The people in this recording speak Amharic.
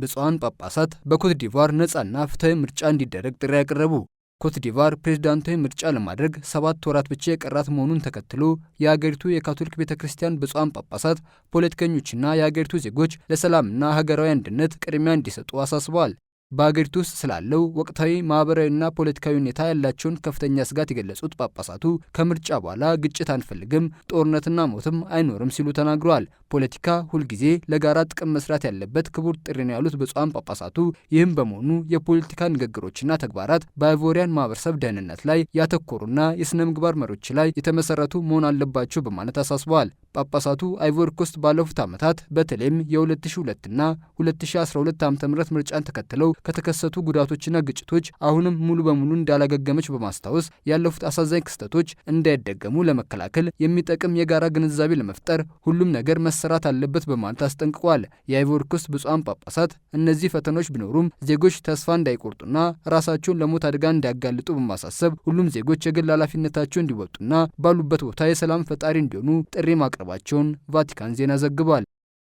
ብፁዓን ጳጳሳት በኮትዲቫር ነፃና ፍትሐዊ ምርጫ እንዲደረግ ጥሪ ያቀረቡ። ኮትዲቫር ፕሬዝዳንታዊ ምርጫ ለማድረግ ሰባት ወራት ብቻ የቀራት መሆኑን ተከትሎ የሀገሪቱ የካቶሊክ ቤተ ክርስቲያን ብፁዓን ጳጳሳት፣ ፖለቲከኞችና የሀገሪቱ ዜጎች ለሰላምና ሀገራዊ አንድነት ቅድሚያ እንዲሰጡ አሳስበዋል። በአገሪቱ ውስጥ ስላለው ወቅታዊ ማህበራዊና ፖለቲካዊ ሁኔታ ያላቸውን ከፍተኛ ስጋት የገለጹት ጳጳሳቱ ከምርጫ በኋላ ግጭት አንፈልግም፣ ጦርነትና ሞትም አይኖርም ሲሉ ተናግረዋል። ፖለቲካ ሁልጊዜ ለጋራ ጥቅም መስራት ያለበት ክቡር ጥሪ ነው ያሉት ብፁዓን ጳጳሳቱ ይህም በመሆኑ የፖለቲካ ንግግሮችና ተግባራት በአይቮሪያን ማህበረሰብ ደህንነት ላይ ያተኮሩና የስነ ምግባር መሪዎች ላይ የተመሰረቱ መሆን አለባቸው በማለት አሳስበዋል። ጳጳሳቱ ኮስት ባለፉት ዓመታት በተለይም የ2002 ና 2012 ዓ.ም ምርጫን ተከትለው ከተከሰቱ ጉዳቶችና ግጭቶች አሁንም ሙሉ በሙሉ እንዳላገገመች በማስታወስ ያለፉት አሳዛኝ ክስተቶች እንዳይደገሙ ለመከላከል የሚጠቅም የጋራ ግንዛቤ ለመፍጠር ሁሉም ነገር መሰራት አለበት በማለት አስጠንቅቋል። ኮስት ብፁዓን ጳጳሳት እነዚህ ፈተናዎች ቢኖሩም ዜጎች ተስፋ እንዳይቆርጡና ራሳቸውን ለሞት አደጋ እንዳያጋልጡ በማሳሰብ ሁሉም ዜጎች የግል ኃላፊነታቸው እንዲወጡና ባሉበት ቦታ የሰላም ፈጣሪ እንዲሆኑ ጥሪ ማቅረብ ማቅረባቸውን ቫቲካን ዜና ዘግቧል።